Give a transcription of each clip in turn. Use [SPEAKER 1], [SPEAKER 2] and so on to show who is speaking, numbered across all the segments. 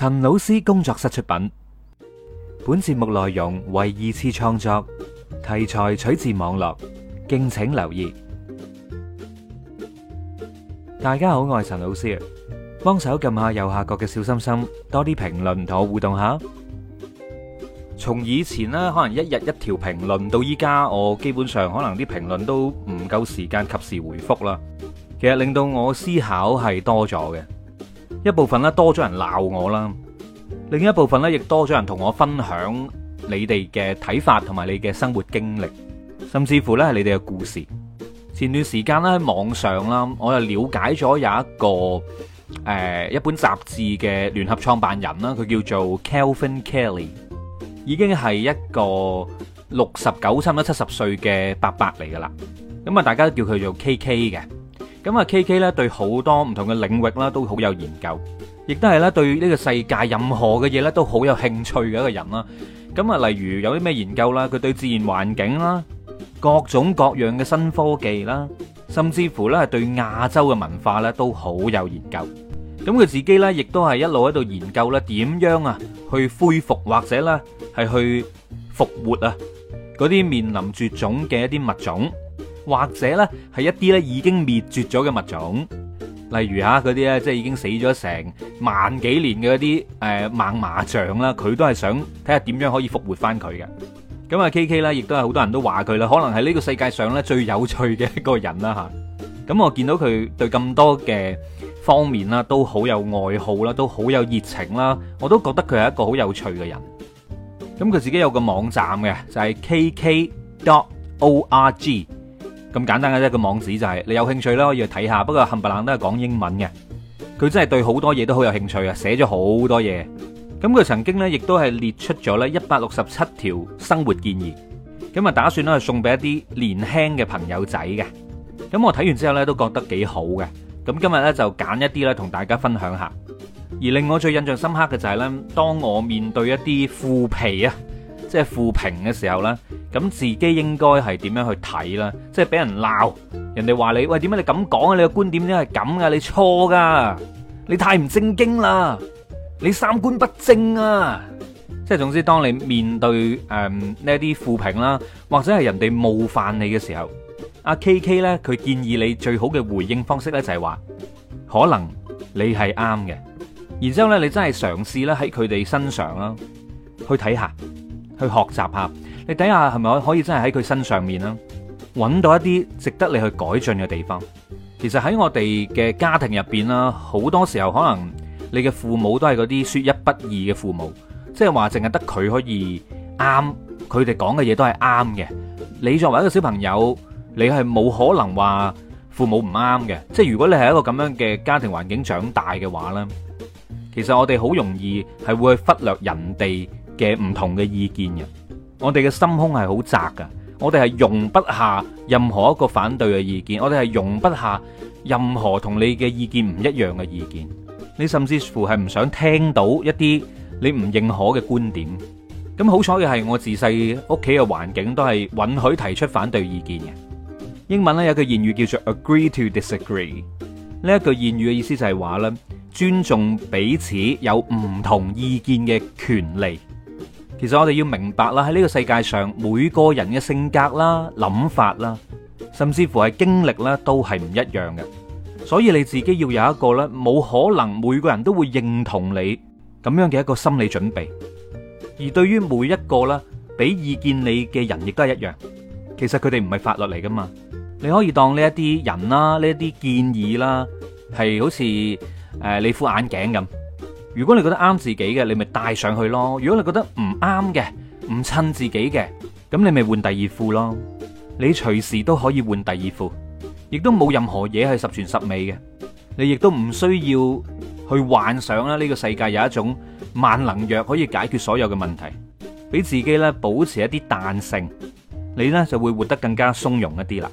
[SPEAKER 1] 陳老師工作室出品，本節目內容為二次創作，題材取自網絡，敬請留意。大家好，我係陳老師幫手撳下右下角嘅小心心，多啲評論同我互動下。從以前呢可能一日一條評論，到依家我基本上可能啲評論都唔夠時間及時回復啦。其實令到我思考係多咗嘅。一部分咧，多咗人鬧我啦，另一部分咧，亦多咗人同我分享你哋嘅睇法、同埋你嘅生活經歷，甚至乎呢係你哋嘅故事。前段時間咧喺網上啦，我又了解咗有一個誒、呃、一本雜誌嘅聯合創辦人啦，佢叫做 Kelvin Kelly，已經係一個六十九差唔多七十歲嘅伯伯嚟噶啦，咁啊大家都叫佢做 KK 嘅。咁啊，KK 咧對好多唔同嘅領域啦都好有研究，亦都係咧對呢個世界任何嘅嘢咧都好有興趣嘅一個人啦。咁啊，例如有啲咩研究啦，佢對自然環境啦、各種各樣嘅新科技啦，甚至乎咧係對亞洲嘅文化咧都好有研究。咁佢自己咧亦都係一路喺度研究咧，點樣啊去恢復或者咧係去復活啊嗰啲面臨絕種嘅一啲物種。或者呢，係一啲咧已經滅絕咗嘅物種，例如嚇嗰啲咧，即係已經死咗成萬幾年嘅嗰啲誒猛獁象啦。佢都係想睇下點樣可以復活返佢嘅。咁啊，K K 咧，亦都係好多人都話佢啦，可能係呢個世界上咧最有趣嘅一個人啦。嚇，咁我見到佢對咁多嘅方面啦，都好有愛好啦，都好有熱情啦，我都覺得佢係一個好有趣嘅人。咁佢自己有個網站嘅，就係 KK dot org。咁簡單嘅一個網址，就係你有興趣咧可以睇下，不過冚唪唥都係講英文嘅。佢真係對好多嘢都好有興趣啊，寫咗好多嘢。咁佢曾經呢亦都係列出咗呢一百六十七條生活建議，咁啊打算咧送俾一啲年輕嘅朋友仔嘅。咁我睇完之後呢都覺得幾好嘅。咁今日呢就揀一啲咧同大家分享下。而令我最印象深刻嘅就係呢，當我面對一啲腐皮啊～即係負評嘅時候咧，咁自己應該係點樣去睇啦？即係俾人鬧，人哋話你喂，點解你咁講啊？你嘅觀點點係咁噶？你錯噶，你太唔正經啦，你三觀不正啊！即係總之，當你面對誒呢啲負評啦，或者係人哋冒犯你嘅時候，阿 KK 呢，佢建議你最好嘅回應方式呢，就係話，可能你係啱嘅，然之後咧你真係嘗試咧喺佢哋身上啦去睇下。去學習下，你睇下係咪可以真係喺佢身上面啦，揾到一啲值得你去改進嘅地方？其實喺我哋嘅家庭入邊啦，好多時候可能你嘅父母都係嗰啲説一不二嘅父母，即係話淨係得佢可以啱，佢哋講嘅嘢都係啱嘅。你作為一個小朋友，你係冇可能話父母唔啱嘅。即係如果你係一個咁樣嘅家庭環境長大嘅話呢，其實我哋好容易係會去忽略人哋。嘅唔同嘅意見嘅，我哋嘅心胸係好窄㗎。我哋係容不下任何一個反對嘅意見，我哋係容不下任何同你嘅意見唔一樣嘅意見。你甚至乎係唔想聽到一啲你唔認可嘅觀點。咁好彩嘅係，我自細屋企嘅環境都係允許提出反對意見嘅。英文咧有一句諺語叫做 “agree to disagree”。呢一句諺語嘅意思就係話咧，尊重彼此有唔同意見嘅權利。其實我哋要明白啦，喺呢個世界上，每個人嘅性格啦、諗法啦，甚至乎係經歷啦，都係唔一樣嘅。所以你自己要有一個咧，冇可能每個人都會認同你咁樣嘅一個心理準備。而對於每一個咧俾意見你嘅人，亦都係一樣。其實佢哋唔係法律嚟噶嘛，你可以當呢一啲人啦，呢一啲建議啦，係好似誒你副眼鏡咁。如果你覺得啱自己嘅，你咪戴上去咯；如果你覺得唔啱嘅、唔襯自己嘅，咁你咪換第二副咯。你隨時都可以換第二副，亦都冇任何嘢係十全十美嘅。你亦都唔需要去幻想啦，呢個世界有一種萬能藥可以解決所有嘅問題，俾自己咧保持一啲彈性，你呢就會活得更加鬆容一啲啦。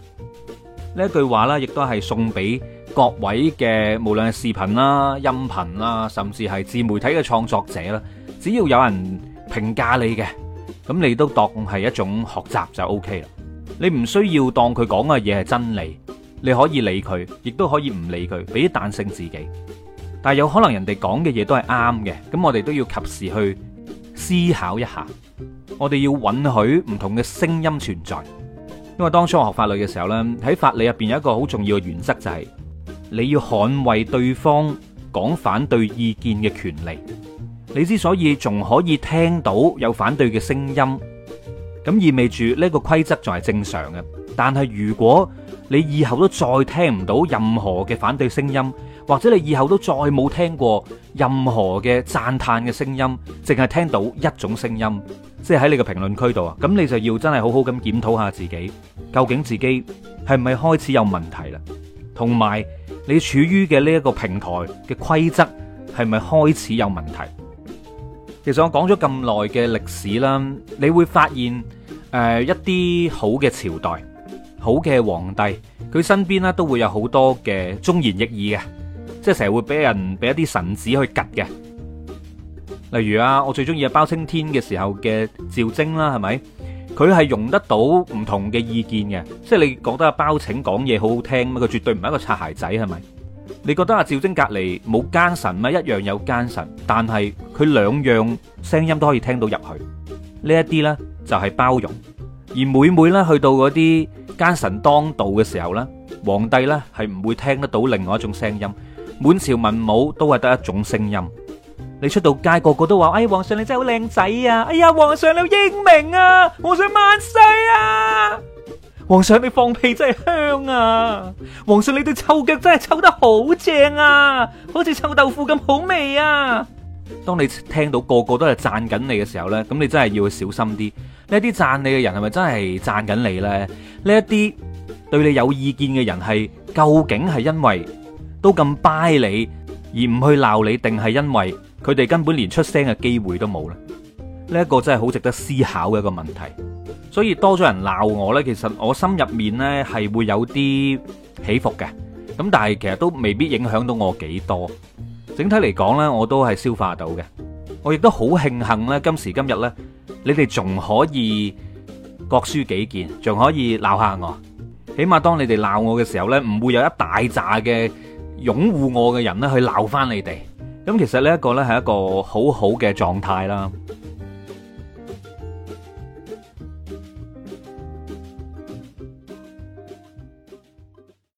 [SPEAKER 1] 呢句話咧，亦都係送俾，各位嘅無論係視頻啦、音頻啦，甚至係自媒體嘅創作者啦，只要有人評價你嘅，咁你都當係一種學習就 OK 啦。你唔需要當佢講嘅嘢係真理，你可以理佢，亦都可以唔理佢，俾啲彈性自己。但係有可能人哋講嘅嘢都係啱嘅，咁我哋都要及時去思考一下。我哋要允許唔同嘅聲音存在，因為當初我學法律嘅時候咧，喺法理入邊有一個好重要嘅原則就係、是。你要捍衛對方講反對意見嘅權利。你之所以仲可以聽到有反對嘅聲音，咁意味住呢個規則仲係正常嘅。但係如果你以後都再聽唔到任何嘅反對聲音，或者你以後都再冇聽過任何嘅讚嘆嘅聲音，淨係聽到一種聲音，即係喺你嘅評論區度啊，咁你就要真係好好咁檢討下自己，究竟自己係咪開始有問題啦？同埋你處於嘅呢一個平台嘅規則係咪開始有問題？其實我講咗咁耐嘅歷史啦，你會發現、呃、一啲好嘅朝代，好嘅皇帝，佢身邊咧都會有好多嘅忠言逆耳嘅，即係成日會俾人俾一啲臣子去吉嘅。例如啊，我最中意嘅包青天嘅時候嘅趙禎啦，係咪？佢係容得到唔同嘅意見嘅，即係你覺得阿包拯講嘢好好聽，咁佢絕對唔係一個擦鞋仔，係咪？你覺得阿趙禎隔離冇奸臣咩？一樣有奸臣，但係佢兩樣聲音都可以聽到入去。呢一啲咧就係包容，而每每咧去到嗰啲奸臣當道嘅時候咧，皇帝咧係唔會聽得到另外一種聲音，滿朝文武都係得一種聲音。你出到街，個個都話：哎，皇上你真係好靚仔啊！哎呀，皇上你好英明啊！皇上萬歲啊！皇上你放屁真係香啊！皇上你對臭腳真係臭得好正啊，好似臭豆腐咁好味啊！當你聽到個個都係讚緊你嘅時候呢，咁你真係要小心啲。呢一啲讚你嘅人係咪真係讚緊你呢？呢一啲對你有意見嘅人係究竟係因為都咁拜你而唔去鬧你，定係因為？佢哋根本連出聲嘅機會都冇喇，呢一個真係好值得思考嘅一個問題。所以多咗人鬧我呢，其實我心入面呢係會有啲起伏嘅。咁但係其實都未必影響到我幾多。整體嚟講呢，我都係消化到嘅。我亦都好慶幸呢，今時今日呢，你哋仲可以各抒己見，仲可以鬧下我。起碼當你哋鬧我嘅時候呢，唔會有一大扎嘅擁護我嘅人呢去鬧返你哋。咁其實呢一個呢，係一個好好嘅狀態啦。